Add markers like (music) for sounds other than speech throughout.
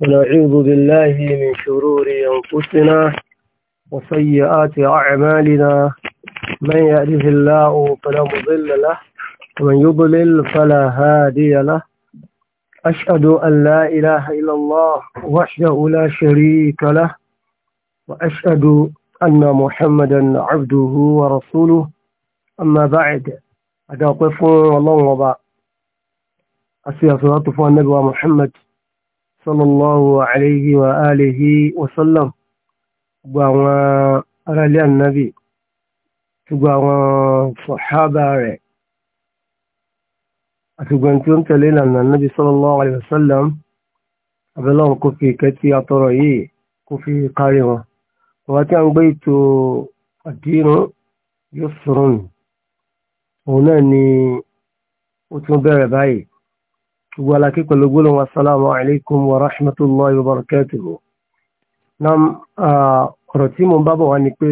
ونعوذ بالله من شرور أنفسنا وسيئات أعمالنا من يأله الله فلا مضل له ومن يضلل فلا هادي له أشهد أن لا إله إلا الله وحده لا شريك له وأشهد أن محمدا عبده ورسوله أما بعد أتوقف الله وبعد أسير صلاة النبي محمد sallallahu alayhi wa alihi wa sallam gbogbo àwọn aráalé ànábì gbogbo àwọn sọ̀hábà rẹ̀ àti gbogbo tí ó ń tẹ̀lé ìlànà ànábì sallallahu alayhi wa sallam abẹ́lọ́run kò fi ìkẹ́ tí yìí kò fi kárí wọn ọ̀wá tí a ń gbé ètò àdínú yóò sọ̀rọ̀ nù òun náà ni ó tún bẹ̀rẹ̀ báyìí gbogbo alákí pẹ̀lú gbólóhùn assalamu alaikum wa rahmatullahi wa barakatuhu nam ọ̀rọ̀ tí mo ń bábọ̀ wá ni pé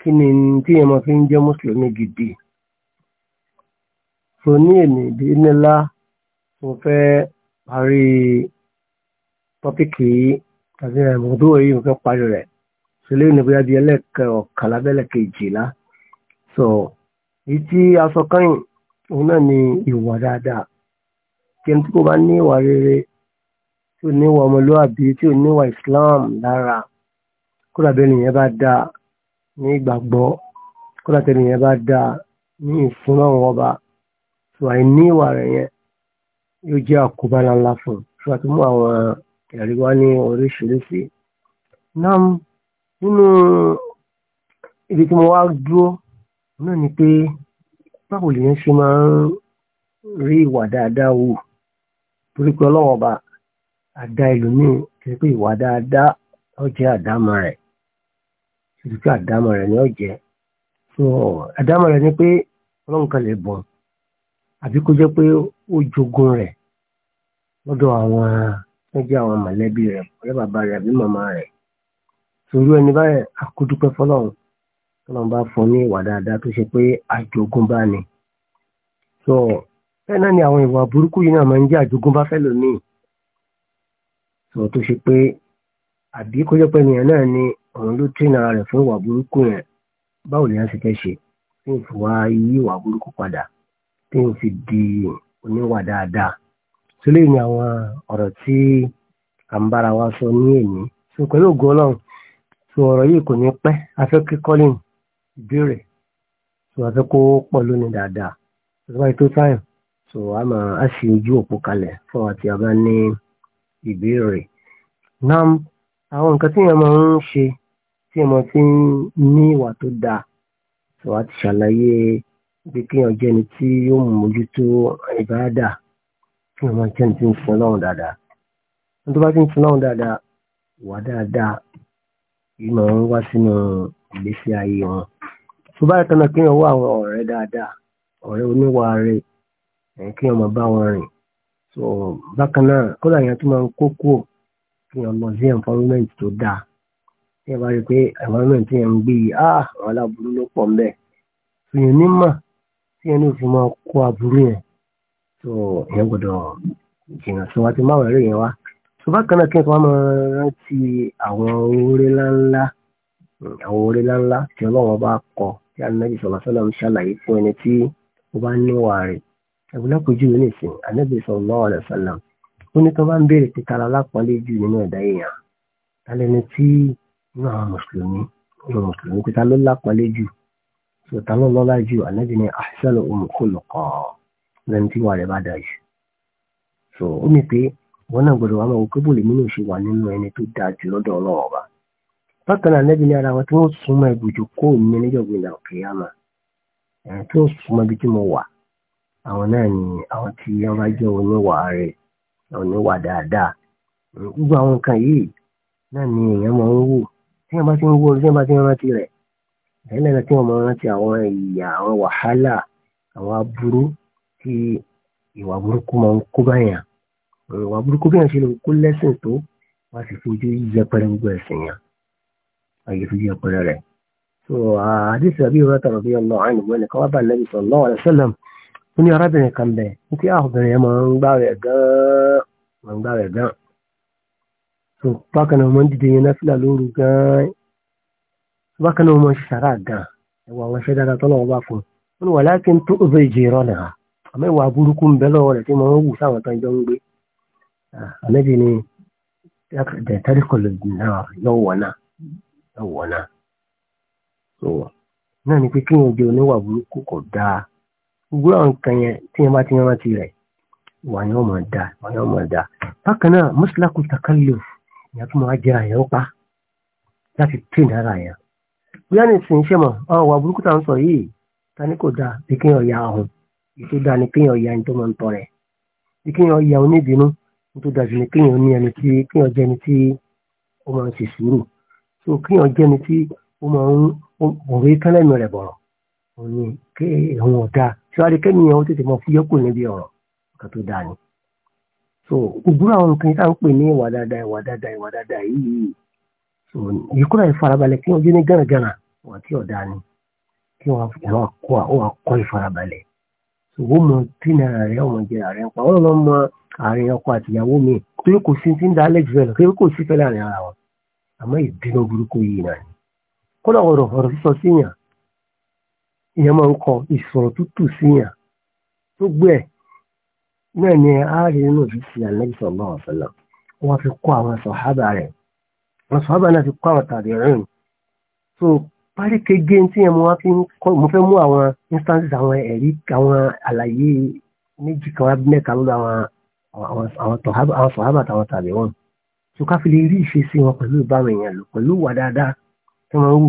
kí ni tí yẹn mọ̀ fi ń jẹ́ mùsùlùmí gidi so ní èmi ìdí nílá mo fẹ́ parí tọ́píkì yìí tàbí ẹ̀mọ̀dó yìí mo fẹ́ parí rẹ̀ so lẹ́yìn níbi adìẹ lẹ́ẹ̀kẹ́ ọ̀kàlà bẹ́lẹ̀ kejìlá so èyí tí a sọ òun náà ni ìwà dáadáa kí ẹni tí kò bá ní ìwà rere tí ò ní ìwà ọmọlúwàbí tí ò ní ìwà Islam lára kódà bí ènìyàn bá dáa ní ìgbàgbọ́ kódà bí ènìyàn bá dáa ní ìfúnná wọn ọba tó àìní ìwà rẹ̀ yẹn yóò jẹ́ àkóbá ńláńlá fún un tó àti mú àwọn ẹ̀rí wá ní oríṣiríṣi. náà nínú ibi tí mo wá dúró náà ni pé báwo lèèyàn ṣe máa ń rí ìwà dáadáa wù torí pé ọlọ́run ọba àdá ẹlòmíì torí pé ìwà dáadáa jẹ́ àdámọ̀ rẹ̀ torí àdámọ̀ rẹ̀ ni ọjẹ́ jẹ́ so àdámọ̀ rẹ̀ ni pé ọlọ́run kan lè bọ̀n àbí kó jẹ́ pé ó jogún rẹ̀ lọ́dọ̀ àwọn tó àwọn mọ̀lẹ́bí rẹ̀ rẹ̀ àbí màmá rẹ̀ fọlọ́run tọ́lọ́run bá ní ìwà dáadáa tó ṣe pé àjogúnbá ni so bẹ́ẹ̀ náà ni àwọn ìwà burúkú yìí náà máa ń jẹ́ àjogúnbá fẹ́lòmíì sọ tó ṣe pé àbí kó ni òun ló tún ara rẹ̀ fún ìwà burúkú yẹn báwo lèèyàn ṣe fẹ́ ṣe tí n fi wá yí ìwà burúkú padà tí di oníwà dáadáa tó lè ní àwọn ọ̀rọ̀ tí à ń bára wa sọ ní èmi tó pẹ̀lú ògo ọlọ́run tó ọ̀rọ̀ yìí kò ní pẹ́ afẹ́ kí colin ìbéèrè kó so a máa á ṣí ojú òpó kalẹ̀ fún wa tí a bá ní ìbéèrè náà àwọn nǹkan tí èèyàn máa ń ṣe tí èèyàn ti ń ní ìwà tó dáa so a ti ṣàlàyé pé kéèyàn jẹ́ ẹni tí yóò mójútó ìbáradà kéèyàn máa jẹ́ ẹni tí ń sin Ọlọ́run dáadáa wọn tó bá ti ń sin Ọlọ́run dáadáa wà dáadáa yìí máa ń wá sínú ìgbésí ayé wọn tó bá yẹ kí kéèyàn wá àwọn ọ̀rẹ́ dáadáa ọ̀rẹ́ oníwà rẹ̀ ẹ̀ kí wọ́n bá wọn rìn so bákan náà kódà yẹn tó máa ń kó kúrò kí wọ́n lọ sí environment tó dáa tí wọ́n bá rí i pé environment yẹn ń gbé yìí ah àwọn aláburú ló pọ̀ ńbẹ̀ èèyàn ní mà tí ẹni òfin máa kó aburú yẹn so èèyàn gbọ́dọ̀ jìnnà sí wa ti máa rẹ̀ yẹn wá so bákan náà kí wọ́n máa rántí àwọn oore ńláńlá hmm, àwọn oore ńláńlá tí ọlọ́run bá kọ tí anábì sọ̀rọ̀ ń ṣàlàyé fún ẹni tí ó bá níwà rẹ̀ ẹ̀wù lápòjúwe nìsín anábì sallallahu alaihi wasallam ó ní tó bá ń béèrè pé tara lápọ́nlé jù nínú ẹ̀dá èèyàn tálẹ́ni tí inú àwọn mùsùlùmí inú mùsùlùmí pé ta ló lápọ́nlé jù na ta ló lọ́lá jù anábì ní ahsanuhum khuluqan lẹ́ni tí wà rẹ̀ bá dà so ó ní pé wọn náà gbọdọ̀ wà máa ní tí àwọn náà ni àwọn tí wọ́n bá jẹ́ oníwà rẹ̀ oníwà dáadáa gbogbo àwọn nǹkan yìí náà ni èèyàn máa ń wò tí wọ́n bá ti ń wò tí wọ́n bá ti ń rántí rẹ̀ lẹ́yìn náà tí wọ́n máa ń rántí àwọn ìyà àwọn wàhálà àwọn aburú tí ìwà burúkú máa ń kó báyà ìwà burúkú bí wọ́n ṣe lè kó lẹ́sìn tó wọ́n sì fi ojú yẹpẹrẹ gbogbo ẹ̀sìn yẹn àyè fi yẹpẹrẹ rẹ̀ so àdìsí àbí ìrọ́tà rọ̀bí ọlọ́run àyìnbó ẹnìkan wá bá nàbì sallallahu alaihi wasallam ó ní arábìnrin kan bẹ̀ ní kí ah, obìnrin yẹn máa ń gbà rẹ̀ gan máa ń gbà rẹ̀ gan so bákan náà wọ́n dìde yẹn náfìlà lóru gan-an bákan náà wọ́n ṣàrà gan-an ẹ̀wọ̀ àwọn iṣẹ́ dáadáa tọ́lọ́ wọn bá fún un ó ní walakin tu'dhi jiranaha àmọ́ ìwà burúkú ń bẹ lọ́wọ́ rẹ̀ tí mo wù sáwọn tó ń jọ ń gbé ah, àmẹ́bí ni tẹ́ríkọ̀lù náà yóò náà náà so náà ni pé kí wọ́n jẹ́ oníwà burúkú kò dáa gbogbo àwọn nǹkan yẹn tí yẹn bá ti yẹn rántí rẹ̀ wà ní ọmọ da wà ní ọmọ da bákan náà mọ́sílákù takálù ìyá tó máa jẹrà yẹn pa láti tẹ̀ nára yẹn bóyá ní ìsìn iṣẹ́ mọ̀ àwọn wà burúkú tá à ń sọ yìí ta ni kò da bí kéèyàn ya ọ̀hún èyí tó da ni kéèyàn ya ẹni tó máa ń tọrẹ bí kéèyàn ya oníbínú ní tó da jù ni kéèyàn ní ẹni tí kéèyàn jẹ ẹni tí ó máa ń ṣe sùúrù so kéèyàn jẹ ẹni tí ó máa ń òwe kálẹ̀mì rẹ̀ bọ̀rọ̀ òun ni kéèyàn ọ̀dà ṣọ́ọ́rí kẹ́niyàn ó tètè mọ fúyẹ́ kù níbi ọ̀rọ̀ nǹkan tó dáa ni. so gbogbo àwọn nǹkan yìí tá à ń pè ní ìwà dáadáa ìwà dáadáa ìwà dáadáa yìí so ìkúrà ìfarabalẹ̀ kí wọ́n jẹ́ ní gánagánà wọ́n ti ọ̀dà ni kí wọ́n kọ́ ìfarabalẹ̀ so wọ́n mọ tínà rẹ̀ ọmọ jẹ ààrẹ ń pa wọ́n lọ́ mọ àárín ọkọ àtìyàwó mi torí kò sí ti ń da alex bell torí kò sí fẹ́lẹ́ àárín ara wọn àmọ́ ìdínà burúkú yìí náà kó lọ́wọ́ ọ̀rọ̀ sísọ síyàn ìyẹn máa ń kọ ìsọ̀rọ̀ tútù síyàn tó gbẹ náà ni ààrẹ nínú òṣìṣẹ́ ànábì sallallahu alaihi wasallam wọ́n fi kọ́ àwọn sọ̀hábà rẹ̀ àwọn sọ̀hábà náà fi kọ́ àwọn tàbí rìn so parí kege tí yẹn mo wá fi ń kọ́ mo fẹ́ mú àwọn instances àwọn ẹ̀rí àwọn àlàyé méjì kan wá mẹ́ta lọ́dọ̀ àwọn àwọn sọ̀hábà àtàwọn tàbí wọn so káfílẹ̀ rí ìṣesí wọn pẹ̀lú ìbámu èèyàn lò pẹ̀lú wà dáadáa tí wọ́n wù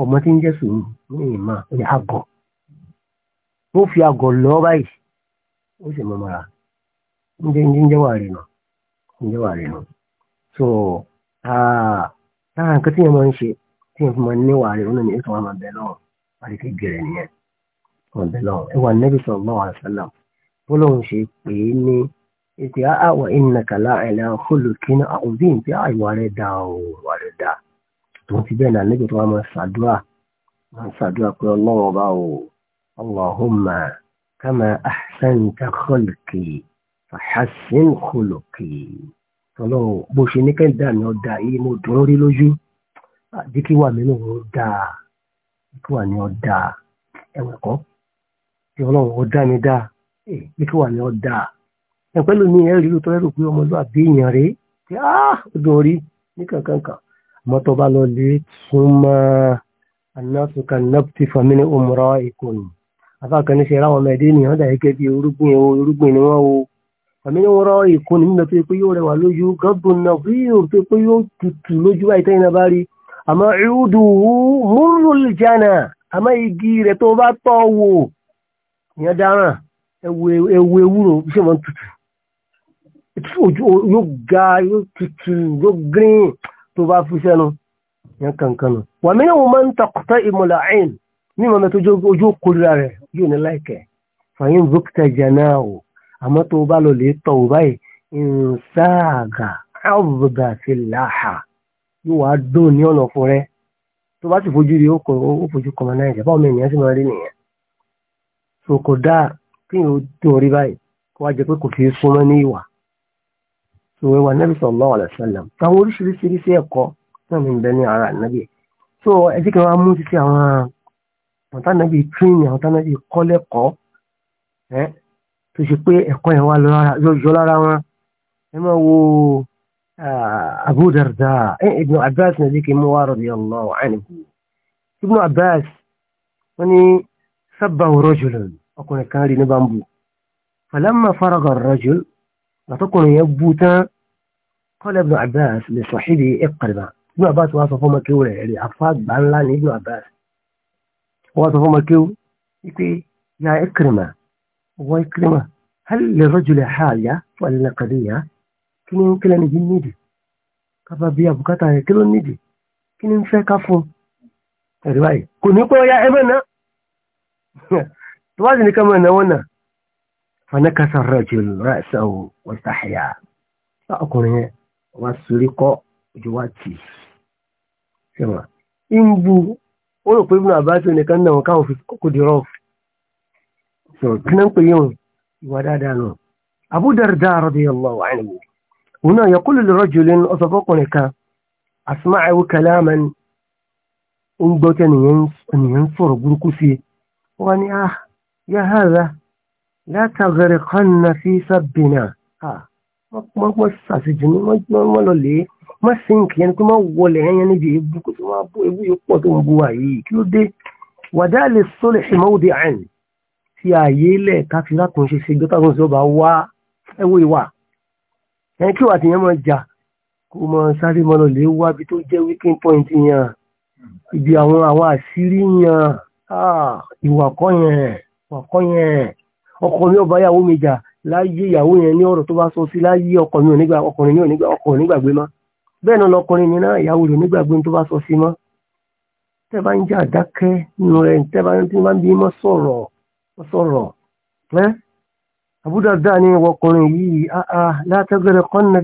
ọmọ tí ń ị sùúrù ní ìmọ̀ ọjà àgọ̀ ó fi àgọ̀ lọ báyìí ó sì mọ̀ mọ́ra ń jẹ́ ń jẹ́ wà ń jẹ́ wà so lára nǹkan tí yẹn máa ń ṣe tí yẹn fi máa ní wà rí ní ètò àwọn àbẹ̀ náà àti kí gẹ̀rẹ̀ nìyẹn àwọn àbẹ̀ náà ẹ wà nẹ́bí sallallahu alaihi wasallam bọ́lọ́hún ṣe pé ní ètò àwọn ìnàkàlà àwọn òbí ìpín àìwárẹ̀ dá. tó ti bẹ́ẹ̀ náà níbi tó wá máa ṣàdúrà máa ṣàdúrà pé ọlọ́run ọba o Allahumma kama ahsanta khalqi fahassin khuluqi ọlọ́run bó ṣe ní kẹ́ńdà mi ọ̀dà yìí mo dùn rí lójú àdíkíwà mi náà ó dáa àdíkíwà ni ó dáa ẹ̀wẹ̀ kọ́ kí ọlọ́run ó dá mi dáa àdíkíwà ni ó dáa ẹ̀pẹ́ lómi ẹ̀rí ló tọ́lẹ́rù pé ọmọlúwàbí èèyàn rèé pé ó dùn rí ní kankankan mọ́tò bá lọ lè súnmọ́ anásùkà nọ́pítì fàmílì òmùrọ̀ ìkòyí afákan ní ṣe ráwọn ọmọ ẹ̀dẹ́ ènìyàn dà bí orúgbìn o irúgbìn ni wọ́n o fàmílì òmùrọ̀ ìkòyí nígbà tó yẹ pé yóò rẹwà lójú gọ́dùn náà rí òun tó yẹ pé yóò tutù lójú báyìí tẹ́yìn náà bá rí àmọ́ ìrúdù múrùlùjánà àmọ́ igi rẹ̀ tó bá tọ́ wò ìyẹn dáràn ewu ewúro ṣé wọ́n tutù yóò ga yóò tutù yóò green tó bá fi sẹ́nu yẹn kankanu wà mí náà wọ́n máa ń takọ̀tà ìmọ̀lá àìn ní ìmọ̀ mẹ́tọ́ ojú kórira rẹ̀ yóò ní láìkẹ́ fàyín vókítà jẹ̀nà o àmọ́ tó bá lọ lè tọ̀ ò báyìí ìnsáàgà àbùdà sí làhà yóò wá dùn ní ọ̀nà fún rẹ tó bá sì fojú rí ó fojú kọmọ náà jẹ báwo mi ènìyàn sì máa rí nìyẹn ìwé wa nabi sallallahu alaihi wasallam táwọn oríṣiríṣiríṣi ẹ̀kọ́ náà ní bẹ ní ara nabi so ẹ jẹ́ kí wọ́n mú títí àwọn ọ̀tánàbí tíìnì àwọn ọ̀tánàbí kọ́lẹ́kọ̀ọ́ ẹ́ tó ṣe pé ẹ̀kọ́ yẹn wá yọ lára wọn ẹ máa wo Abu Darda Ibn Abbas náà jẹ́ kí mú wá radiyallahu anhu Ibn Abbas wọ́n ní sabbahu rajulun ọkùnrin kan rí ní bambu falamma faraga ar-rajul àtọkùnrin yẹn bú tán قال ابن عباس لصاحبه اقربا ابن عباس وصفه مكيولة يعني بان بانلان ابن عباس وصفه مكيو يقول يا اكرمة واكرمة هل للرجل ولا قضيه؟ كن يمكن أن يجي نيدي كفا بيا بكتا يكلو نيدي كن يمكن كفو رواي كن يقول يا امنا (laughs) توازن كما نونا فنكس الرجل رأسه واستحيا فأكون هي wá sílé kọ́ ojú wá tì í. ń bu ó rò pé ibùdó àbáṣe nìkan náà káwọn fi kókò di rọ́ọ̀f. sọ̀rọ̀ kí náà ń pè yín o ìwà dáadáa nù. Abu Darda radiyallahu anhu. òun náà yaqulu li rajulin ọ̀sọ̀ fọkùnrin kan asma'u kalaman ń gbọ́ tí ènìyàn ń sọ̀rọ̀ burúkú sí i. wọ́n ní ah ya hadha la taghriqanna fi sabbina. ah wọ́n ṣàṣejù ní wọ́n lọ lè e. má sí nǹkan yẹn ni pé má wọlé yẹn níbi ebu kó tó má bó ebu yìí pọ̀ tó ń bu wa yìí kí ló dé wàdà lè sọlẹ̀ ṣe máa wòde àìn tí ààyè lẹ̀ káfíńtà tó ń ṣe ṣe gbọ́tà tó ń ṣe ọba wá ẹwọ́ ìwà ẹni kí wàá tìyẹn máa jà kó máa sáré máa lọ lè e wá ibi tó jẹ́ weakening point yẹn ibi àwọn àwọn àṣírí yẹn ah, ìwà kọ́ yẹn ìwà kọ́ yẹn ọkọ mi ọba yàwó mi jà láyé ìyàwó yẹn ní ọ̀rọ̀ tó bá sọ sí láyé ọkùnrin ò nígbà ọkùnrin ò nígbà ọkùnrin nígbàgbé má bẹ́ẹ̀ náà lọkùnrin ni náà ìyàwó rẹ̀ nígbàgbé tó bá sọ sí mọ́ tẹ́ bá ń jà dákẹ́ nù rẹ̀ tẹ́ bá ń bí mọ́ sọ̀rọ̀ sọ̀rọ̀ ẹ́ àbúdàdá ni ọkùnrin yìí àà látẹ́gbẹ̀rẹ̀ kan na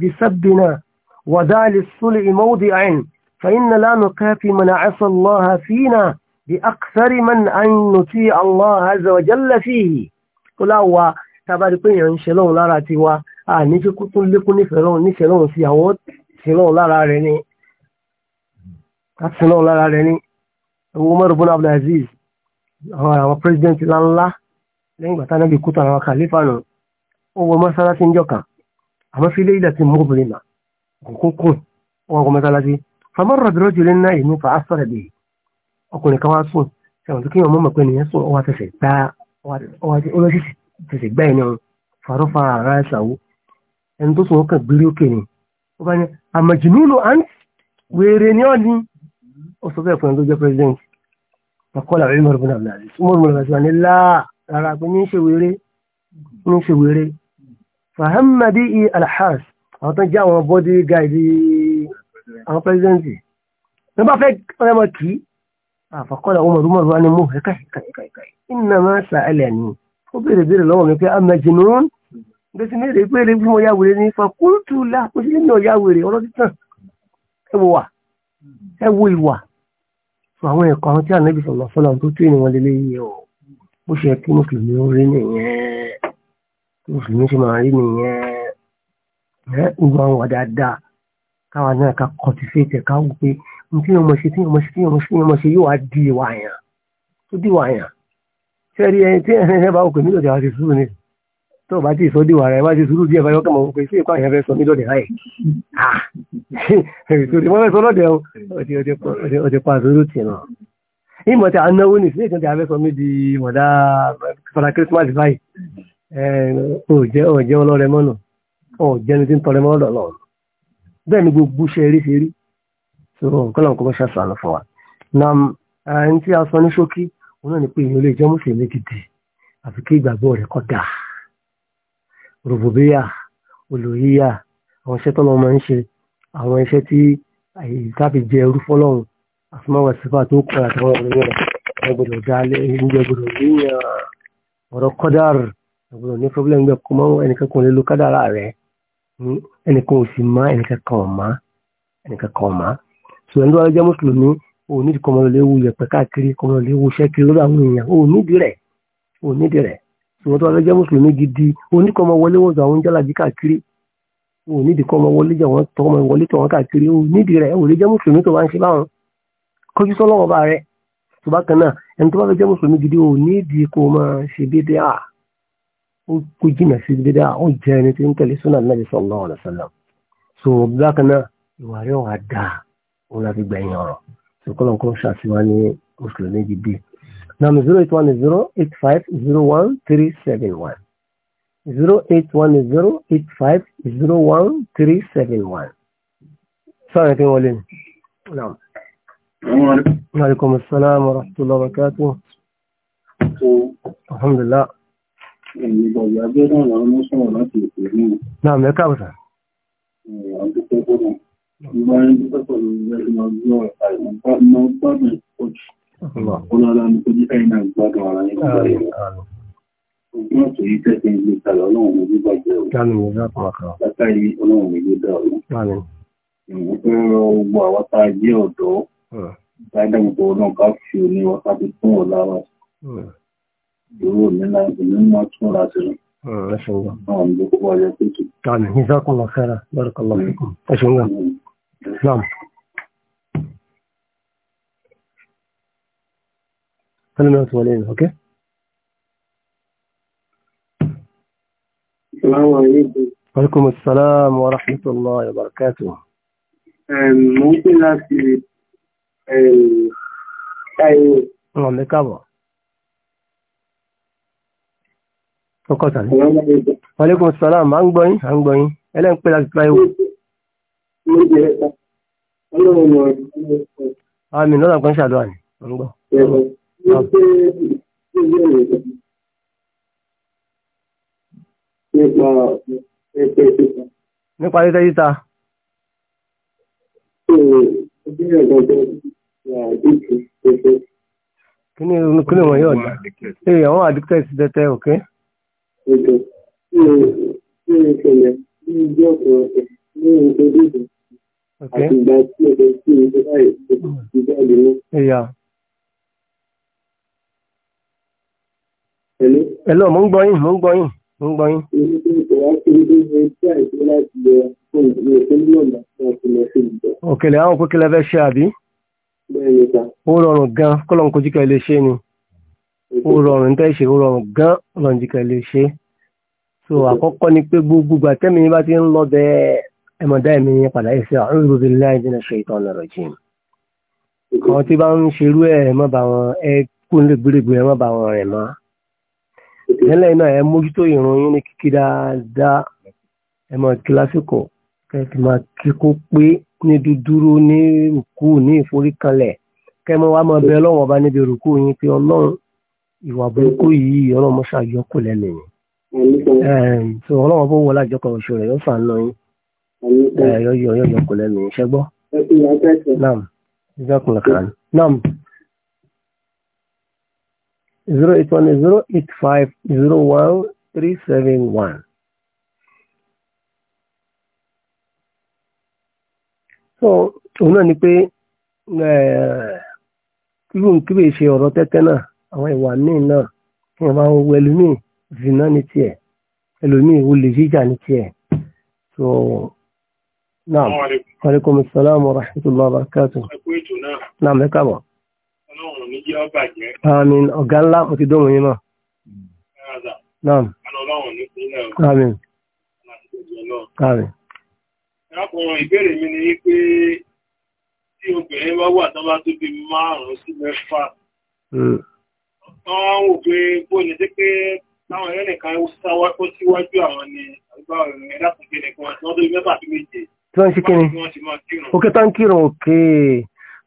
fi sábìnà wàdáàlì súlẹ̀ ìmọ́dí àìn fàyínà tábà rí pé èèyàn ń ṣe lọ́run lára tiwa àní fi kú tún lékún nífẹ̀ẹ́ lọ́run níṣẹ́ lọ́run sí àwọn ṣe lọ́run lára rẹ̀ ni kásìlọ́run lára rẹ̀ ni owó Umar ibn Abdul Aziz àwọn pírẹsidẹ́ntì ńláńlá lẹ́yìn ìgbà táwọn ibi kúta àwọn kàlífà nù ó wọ mọ́sálásí ń jọ̀ka àmọ́ fi léyìí láti mú obìnrin mà kúnkún wọn kò mọ́sálásí famọ́rọ̀ dúró jùlọ ní ìlú fa asọ́rẹ̀ bì ọkùnrin kan wá sùn ṣàwọn tó kí wọn mọ̀ pé nìyẹn sùn ọwọ́ àtẹ̀sẹ̀ gbá ọwọ́ àtẹ̀sẹ̀ tètè gbá ẹni ọ̀hún farofa ara ṣàwó ẹni tó sọ̀rọ̀ kàn gbélé òkè ni ó bá ní àmàjìnúnù àǹtí wèrè ni ọ́ ni ó sọ bẹ́ẹ̀ fún ẹni tó jẹ́ president akọ́lá Umar ibn Abdul Aziz Umar ibn Abdul Aziz wà ní láà rárá pé ní ṣe wèrè ní ṣe wèrè fahamadi i alhaz àwọn tó jẹ́ àwọn body guide àwọn president ní bá fẹ́ ọ̀rẹ́mọ̀ kì í àfàkọ́lá Umar Umar wà ní mú ẹ̀ka ẹ̀ka ẹ̀ka ó béèrè béèrè lọ́wọ́ mi pé àmì jìnnìún gbèsè mèrè péré bí mo yáwèrè ní fa kúntù la kò sí nínú yáwèrè ọ̀rọ̀ títàn ẹ wo wà ẹ wo ìwà sọ àwọn ẹ̀kọ́ àwọn tí ànábì sọ̀rọ̀ fọlọ́ tó tó ènìyàn lélẹ́ yìí o bó ṣe kí mùsùlùmí ó rí nìyẹn kí mùsùlùmí ṣe máa rí nìyẹn ẹ ìwà wà dáadáa káwa náà ká kọtiféètì ká wù pé n tí yọmọ ṣe tí yọmọ ṣe tí yọmọ ṣe yóò wá di ìwà àyàn tó di ìwà àyàn sẹ́rí ẹni tí ẹ̀hẹ́n ẹ̀hẹ́ bá wọ́n pè mí lọ́dẹ̀ wá ti sùúrù ni tó o bá ti sọ díwà rẹ̀ wá ti sùúrù díẹ̀ báyọ̀ kẹ́mọ̀ pé sí ìpá ìyẹn fẹ́ sọ mí lọ́dẹ̀ láì ìtòdì wọ́n fẹ́ sọ lọ́dẹ̀ ọdẹ pa sùúrù tì náà ìmọ̀ tí a náwó ní sílé ìtàn di wọ̀dá fọlá kírísímàsì báyìí ọ̀jẹ́ ọlọ́rẹ mọ́nà ọ̀jẹ́ ni tí ń tọrẹ mọ́nà lọ bẹ́ẹ̀ ni gbogbo ṣe rí so kọ́lọ̀ kọ́kọ́ ṣàṣàlọ́ fún wa na ẹni tí wọn náà ni pé ìyẹn olè jẹ́ mùsùlùmí gidi àfi kí ìgbàgbọ́ rẹ̀ kọ́ dà rògbòbíyà olùyíyà àwọn iṣẹ́ tọ́lọ́ máa ń ṣe àwọn iṣẹ́ tí àyíkáfi jẹ orúfọ́lọ́hún àfimọ́wà sífà tó kọ́ àtàwọn ọ̀rẹ́ rẹ̀ ẹgbẹ̀rún dálé ẹgbẹ̀rún yíyan ọ̀rọ̀ kọ́dàrú ẹgbẹ̀rún ní problem gbẹ kọ́ mọ́ ẹnìkan kan lè lo kádàrá rẹ̀ ẹnìkan ò sì má ẹnìkan kan ò ẹnìkan kan ò má ṣùgbọ́n ẹni tó mùsùlùmí ò nídìí kọ́ ọmọlọ́lẹ́ wo yẹ̀pẹ̀ káàkiri kọ́ ọmọlọ́lẹ́ wo ṣẹ́kiri lọ́dọ̀ àwọn èèyàn ò nídìí rẹ̀ ò nídìí rẹ̀ ṣùgbọ́n tó wà lọ́jọ́ mùsùlùmí gidi ò ní kọ́ ọmọ wọlé wọ́n sọ àwọn jálàjì káàkiri ò nídìí kọ́ ọmọ wọlé jọ̀wọ́n tọ́ ọmọ wọlé tọ̀ wọ́n káàkiri ò nídìí rẹ̀ ò lè jẹ́ mùsùlùmí tó bá ń ṣe báwọn kọjú sọ́lọ́wọ́ bá rẹ̀ tó bá kan ẹni tó bá fẹ́ mùsùlùmí gidi ò nídìí kó máa ṣe bídẹ́ à ó jẹ́ sọkọlọ nǹkan ṣàfihàn ní mùsùlùmí gidi nam zero eight one zero eight five zero one three seven one zero wa rahmatulah wa barakatuh. alhamdulilah. Naam, ẹ káàbọ̀ sá bayan kasar zama zuwa na babin coach kuna da nufi aina zuwa ga wani wọ́n tó yí tẹ́sí ilé ìtàlẹ̀ ọlọ́run méjì bàjẹ́ látàrí ọlọ́run méjì dáwọ́ ìwọ̀n fẹ́ gbogbo àwọn tá a jẹ́ ọ̀dọ́ dáadáa ọlọ́run ká fi òní wọ́ta fi tún ọ̀la wa ìró nílá ìnímọ̀ tún ra sí Ẹ̀ṣùn wa. Àwọn ìgbókòwò ayẹ́ pẹ̀tù. Tàbí, ìzákùnlọ̀ fẹ́ra, barakallahu fikum. Ẹ̀ṣùn wa. نعم خلينا ولين اوكي السلام عليكم وعليكم السلام ورحمة الله وبركاته ممكن أسأل أي نعم كابا وعليكم السلام à ń gbọ́ yín à ń gbọ́ yín àmì lọ́nà kan ṣàdúrà ní ọgbọ́. nípa títẹ́ títa. kí ni wọ́n yóò dá? ee àwọn addicted ti tẹ́tẹ́ òkè. Okay àti ìgbà tí o lè sí ibi báyìí ti hmm. bẹ́ẹ̀ lè mú. Hello, mo ń gbọ́ yín, mo ń gbọ́ yín, mo ń gbọ́ ṣe àbí? Bẹ́ẹ̀ni rọrùn gan-an, kó lọ́n kojú ká ilé ṣe ni. Ó rọrùn tẹ́ ṣe, ó rọrùn gan-an, lọ́n jí ká ilé ṣe. So àkọ́kọ́ ni pé gbogbo àtẹ́mi bá ti ń lọ bẹ́ẹ̀ ẹmọ dá ẹ̀mí yẹn padà ẹ̀sẹ̀ a'udhu billahi minash shaitanir rajim. àwọn tí bá ń ṣerú ẹ̀ mọ́ bá wọn ẹ kún lè gbèrègbè ẹ mọ́ bá wọn rẹ̀ mọ́. ìdílé náà ẹ mójútó ìrun yín ní kíkí dáadáa ẹ mọ kílásìkò kẹtì máa kí kó pé ní dúdúró ní rùkú ní ìforíkanlẹ̀ kẹmọ wa máa bẹ ọlọ́run ọba níbi rùkú yín pé ọlọ́run ìwà burúkú yìí ọlọ́run mọ́ṣáájú ọkùnrin lẹ́nu yìí. ọlọ́run bó wọlé àjọkọ̀ òṣù rẹ̀ yóò fà ń lọ yín. Eh, yọ yọ yọ yọ kò lẹ́nu iṣẹ́ gbọ́. nam ìjọkùn kan nam zero eight one zero eight five zero one three seven one. so òun náà ni pé kíkún eh, kíbi ṣe ọ̀rọ̀ tẹ́tẹ́ náà àwọn ìwà míì náà kí wọ́n bá ń wo ẹlòmíì zina ní tiẹ̀ ẹlòmíì olè jíjà ní tiẹ̀ so. نعم. Aleykum salaam wa rahmatullahi wa نعم. Ẹkú ètò náà. Naam, ẹ káàbọ̀. Ọlọ́run آمين. jẹ́ ọbàjẹ́. Àmín, ọ̀gá ńlá mo ti dóhun yín náà. Naam. Ọlọ́run ní fún náà. Àmín. Àmín. Lákùnrin ìbéèrè mi ni pé tí obìnrin bá wà tó bá tó bí márùn-ún sí mẹ́fà. Wọ́n hmm. wò pé bó ni sí pé táwọn ẹlẹ́nìkan ó síwájú àwọn ni àgbà òmìnira kò gbé nìkan tí wọ́n tó bí mẹ́fà sí méje tí wọ́n ń ṣe kí ni òkè tán kírun òkè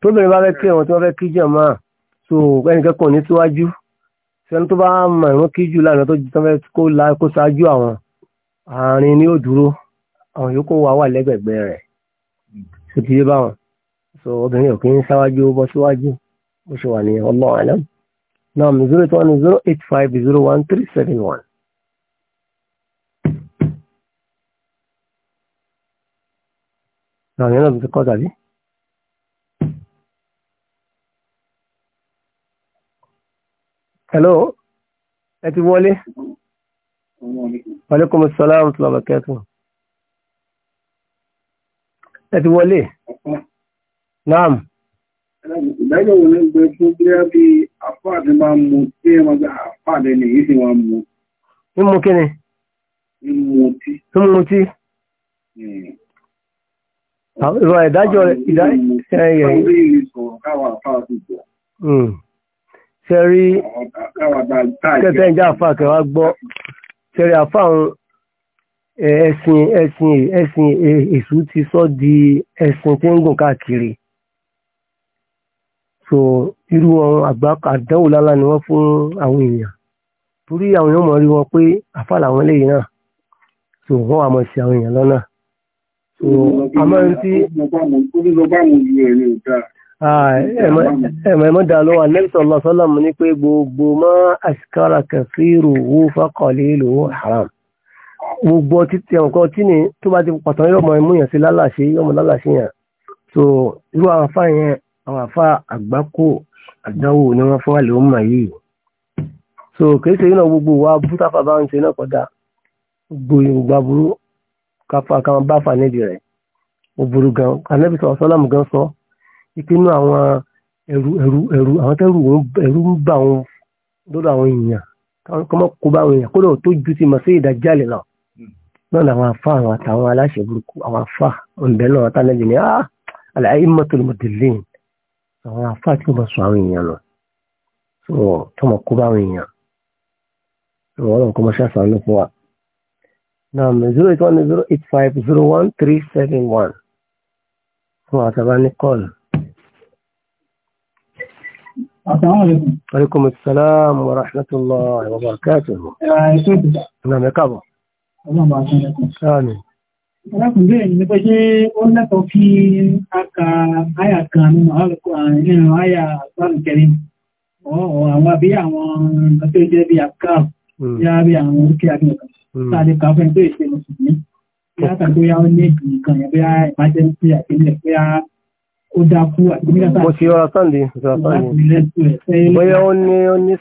tó bẹ̀rẹ̀ bá fẹ́ kírun tí wọ́n fẹ́ kí jàmá so ẹnìkan kò ní síwájú sẹ́ni tó bá mọ ìrún kí jù lánàá tó tán fẹ́ kó la kó ṣáájú àwọn àárín ni ó dúró àwọn yòókù wà wà lẹ́gbẹ̀gbẹ́ rẹ̀ so ti yé báwọn so obìnrin ò kí ń ṣáwájú bọ́ síwájú bó ṣe wà ní Allahu alam náà zero eight one zero eight five zero one three seven one. àwọn èèyàn náà ti kọ́ tàbí. hello ẹ ti wọlé. Aleykum salaam wa barakatuh. Ẹ ti wọlé. Naam. Ìdájọ́ wo ní gbé ìwà ìdájọ́ ẹ̀yẹ ṣẹ́rí kẹta ìjà àfà kẹwà gbọ́ hmm. ṣẹ́rí àfà ń ẹ̀sìn ẹ̀sìn ẹ̀sìn èṣù ti sọ di ẹ̀sìn tí ń gùn káàkiri so irú àwọn àgbà àdánwò lálá ni wọ́n fún àwọn èèyàn torí àwọn èèyàn mọ̀ rí wọn pé àfà làwọn eléyìí náà so wọ́n wà mọ̀ sí àwọn èèyàn lọ́nà so àmọ́ n tí. Ah, ẹ̀mọ̀ ẹ̀mọ̀ dà lọ́wọ́ anẹ́sọ̀ lọ sọ́lá mu ní pé gbogbo mọ́ àṣìkára kẹfìrù wó fákọ̀lẹ́ ìlú haram gbogbo títí ọ̀kan tí ni tó bá ti pàtàkì yóò mọ imú yẹn sí lálàṣe yóò mọ so irú àwọn afá yẹn àwọn afá àgbákò àdánwò ni wọ́n fún àlè ọmọ yìí so kìí ṣe iná gbogbo wa bútáfà bá ń ṣe náà kọjá gbogbo yorùbá kafa kama bá fà nídìí rẹ̀ ó burú gan anabi sọ̀rọ̀ sọ́lámù gan sọ ìpinnu àwọn ẹ̀rù ẹ̀rù ẹ̀rù àwọn tẹ́rù ẹ̀rù ń bà wọn lọ́dọ̀ àwọn èèyàn kọ́mọ́ kó bá àwọn èèyàn kódà tó ju ti màsí ìdájálè lọ náà làwọn afá àwọn àtàwọn aláṣẹ burúkú àwọn afá ọ̀nbẹ náà tánàbì ni ah àlàyé mọ́tòlù mọ́tòlù àwọn afá tí wọ́n bá sọ àwọn èèyàn lọ tó kó bá àwọn èèyàn wọ́n lọ́n kọ́mọ́ ṣàṣà ló Nam zero eight one zero eight five zero one three seven one. Fún Assalamualaikum. Aleykum salaam wa rahmatullahi wa barakatuhu. Ẹ̀ṣẹ́ ìdíjà. Nàmì káàbọ̀. Ọlọ́mọ àti ẹ̀kọ́. Sáàni. Ọlọ́kùn bẹ́ẹ̀ ni pé ṣé ó lẹ́tọ̀ọ́ kí a ka àyà kan nínú àyà àgbàlù kẹrin. àwọn àbí àwọn nǹkan jẹ́ bí àkáà, hmm. bí àwọn oríkì àgbẹ̀kan sáàdé kan fún ẹgbẹ́ ìṣe mùsùlùmí bóyá tàbí kan yẹn bóyá emergency àti ilẹ̀ bóyá ó dákú àti nígbà tá. mo ti ọ̀rọ̀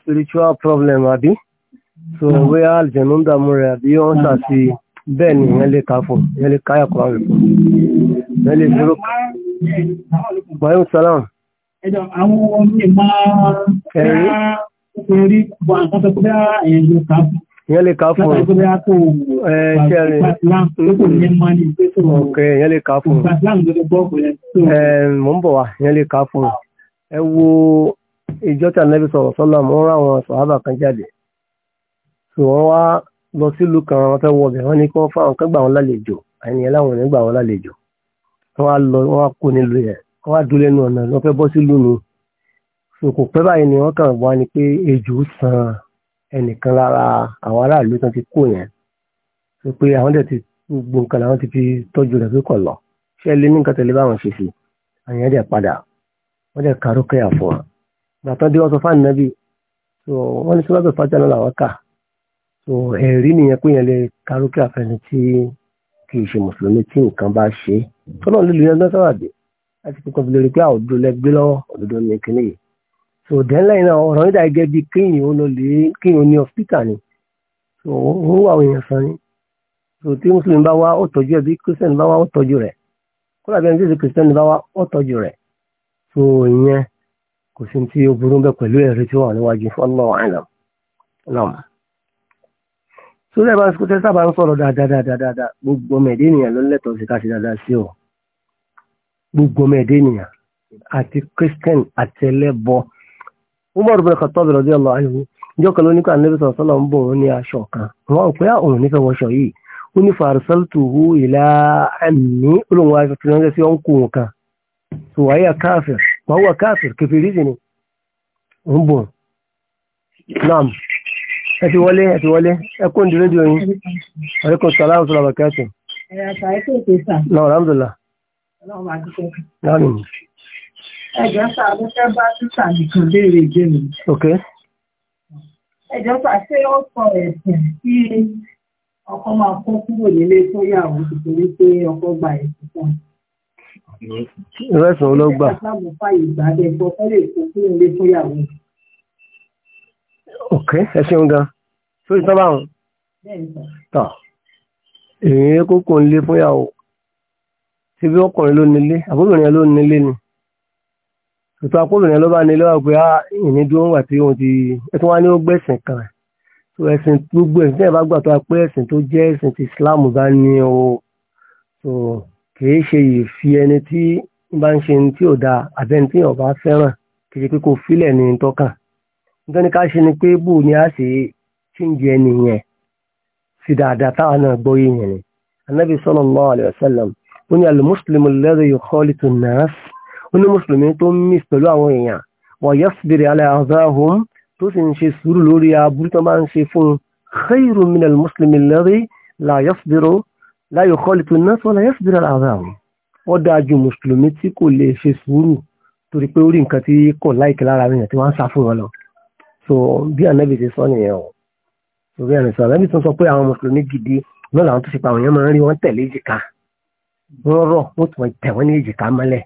spiritual problem àbí so hmm. bóyá àlùjẹ̀nù ń dààmú rẹ̀ àbí ó ń sàṣì bẹ́ẹ̀ ni ìyẹn lè kà fún ìyẹn lè salam. ẹjọ àwọn ọmọ mi máa ń fẹ́ rí bọ́ àkọsọ pé yẹn lè ká fún mm-hmm. yẹn lè ká fún mọ̀ ń bọ̀ wá yẹn lè ká fún ẹ wo ìjọ tí ànábì sọ̀rọ̀ sọ́lá mọ́ ń ráwọn sọ̀hábà kan jáde tí wọ́n wá lọ sílùú kan wọ́n fẹ́ wọbẹ̀ wọ́n ní kí wọ́n fáwọn kan gbà wọ́n lálejò àìní ẹláwọn ní gbà wọ́n lálejò wọ́n wá lọ wọ́n wá kó nílùú yẹn wọ́n wá dúró lẹ́nu ọ̀nà wọ́n bọ́ sílùú nu kò pẹ́ báyìí ni wọ́n kàn wá ni pé ejò sàn án ẹnìkan lára àwọn aráàlú tó ti kú yẹn tó pé àwọn dẹ̀ ti gbogbo nǹkan làwọn ti fi tọ́jú rẹ̀ pé kọ̀ lọ ṣé lé ní nǹkan tẹ̀lé báwọn ṣe sí àyàn dẹ̀ padà wọ́n dẹ̀ kàró kẹ́yà fún wa gbàtọ́ dé wọ́n sọ fáànù náà bí so wọ́n ní sọ́dọ̀ fájà náà làwọn kà so ẹ̀rí nìyẹn pé yẹn lè kàró kẹ́yà fẹ́ni tí kì í ṣe mùsùlùmí tí nǹkan bá ṣe tọ́lọ́ nílùú yẹn lọ́sọ̀rọ̀ àdé láti fi kọ́ fi lè rí pé àwòdúró lẹ́gbẹ́ lọ́wọ́ òdodo ní kinní yìí so dẹ́lẹ̀ náà ọ̀rọ̀ nígbà gẹ́gẹ́ bíi kéèyàn ó lọ lè kéèyàn ní hospital ni so ó wà àwọn èèyàn san ni so tí mùsùlùmí bá wá ó tọ́jú ẹ̀ bí kírísítẹ́nì bá wá ó tọ́jú rẹ̀ kódà bí ẹni tí kírísítẹ́nì bá wá ó tọ́jú rẹ̀ so ìyẹn kò sí tí ó burú bẹ́ẹ̀ pẹ̀lú ẹ̀rí tí ó wà níwájú Allahu a'lam náà so lẹ́ẹ̀bá ń sọ́tẹ́ sábà ń sọ̀rọ̀ dáadáa gbogbo ọmọ ẹ̀dẹ́ ènìyàn ló lẹ́tọ̀ọ́ sí káṣí dáadáa sí ọ gbogbo ọmọ ẹ̀dẹ́ ènìyàn àti kírísítẹ́nì àti ẹlẹ́bọ̀ọ́ Umar bin Khattab radiyallahu anhu ìjọ kan ló ní ká Ànábì sallallahu alaihi wasallam ń bọ̀ ní aṣọ kan wọn ò pé àwọn onífẹ́ wọṣọ yìí ó ní farsaltuhu ila ammi olóhùn aṣọ tí wọ́n sí ọ̀nkù nǹkan tó wáyà káfíìr wọ́n wà káfíìr kẹfìrí sí ni ń bọ̀ naam ẹ ti wọlé ẹ ti wọlé ẹ kó ndúró di oyin aleykum salaam salaam akẹ́kọ̀ọ́. ẹ àṣà ẹ tó ìpèsà. náà alhamdulilah. Ẹ̀jọ́ sà ló fẹ́ bá títà nìkan léèrè ìbéèrè. Ẹ̀jọ́ sà ṣé ó sọ ẹ̀sìn tí ọkọ máa kó kúrò nílé tó yàwó nítorí pé ọkọ gba ẹ̀sìn fún un. Ìrẹsìn olóògbà. Ìsìlámù fàyè gbà bẹ́ẹ̀ fẹ́ lè kó kúrò nílé tó yàwó. Ok, ẹ ṣeun gan. Sórí sábà ń. Tọ́ èèyàn kókó ń lé fúnyàwó. Ṣé bí ọkùnrin ló nílé? Àbúrò yẹn ló nílé ni tòtò àkólò yẹn ló bá ní lọ́wọ́ pé ah, ìní dúró wà tí òun ti ẹtún wá ní ó gbẹ̀sìn kan tó ẹ̀sìn gbogbo ẹ̀sìn tẹ́ẹ̀ bá gbà tó pé ẹ̀sìn tó jẹ́ ẹ̀sìn ti Islam bá ní o tó kìí ṣe ìfi ẹni tí bá ń ṣe tí ò da àbẹ́ni tí ò bá fẹ́ràn kìí ṣe pé kò fílẹ̀ ní tọ́kàn nítorí ká ṣe ni pé bù ni a ṣe chíǹjì ẹni yẹn sí dáadáa táwọn náà gbọ́ yìí yẹn ni Ànábì sallallahu alaihi wasallam ó muslimu alladhi yukhalitu an ó ní mùsùlùmí tó ń mix pẹ̀lú àwọn èèyàn wọ́n yasbir ala adhahum tó sì ń ṣe sùúrù lórí aburú tó máa ń ṣe fún un khayru minal muslimi alladhi la yasbiru la yukhalitu an-nas wa la yasbir ala adhahum ó dáa ju mùsùlùmí tí kò lè ṣe sùúrù torí pé ó rí nǹkan tí kò láìkí lára rẹ̀ tí wọ́n ń sá fún wọn lọ so bí ànábì ti sọ nìyẹn o so bí ànábì sọ ànábì tó sọ pé àwọn mùsùlùmí gidi náà làwọn tó ṣe pa àwọn èèyàn máa ń rí wọn tẹ̀lé èjìká wọ́n rọ̀ wọ́n tún tẹ̀ wọ́n ní èjìká mọ́lẹ̀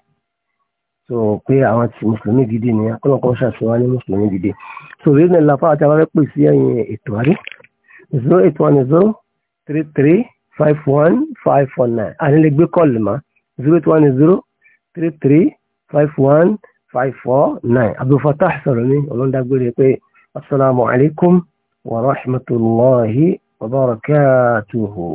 so pé àwọn ti mùsùlùmí gidi ni akọ́nà kan ṣàṣewá ní mùsùlùmí gidi so rí ní lafa àti abáfẹ́ pè sí ẹ̀yìn ètò àrí zero eight one zero three three five one five four nine àní lè gbé kọ́ọ̀lù mọ́ zero eight one zero three three five one five four nine abdulfatah sọ̀rọ̀ mi ọlọ́dàgbére pé asalaamu alaykum wa rahmatulahi wa barakatuhu.